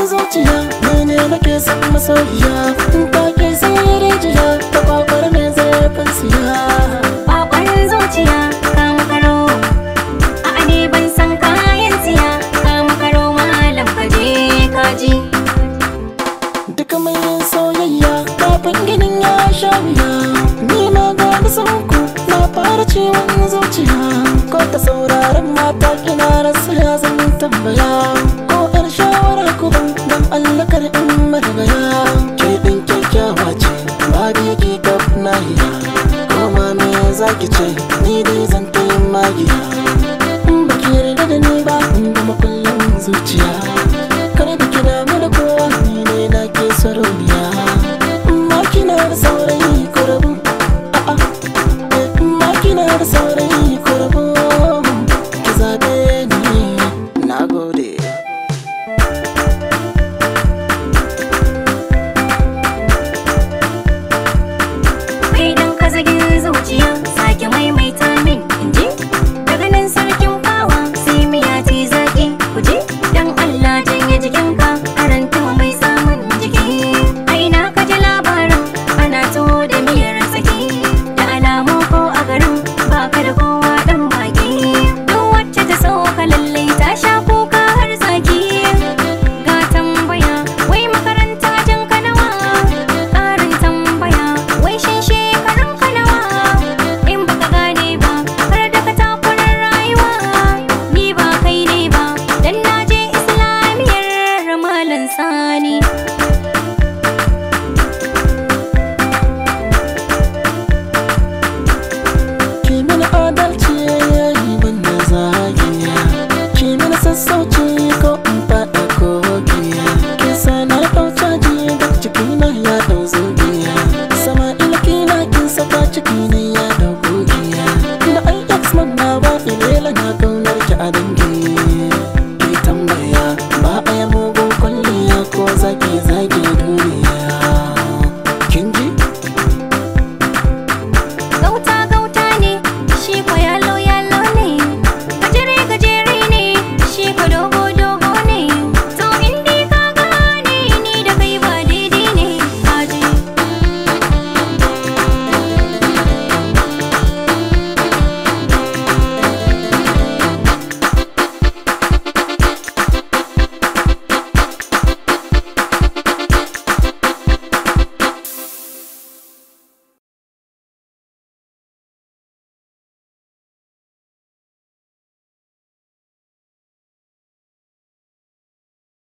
cikin zuciya ne ne nake son masoyiya in ta ke sai rijiya ta kwakwar ne zai fansiya kwakwarin zuciya ka makaro a ade ban san kayan siya ka makaro malam kaje kaji duka manyan soyayya kafin ginin ya sha wuya ni na ga nisan ku na fara ciwon zuciya ko ta sauraron mata ina rasu ya zan tambaya ko 'yar shawara zaki ce ni dai zan taimaki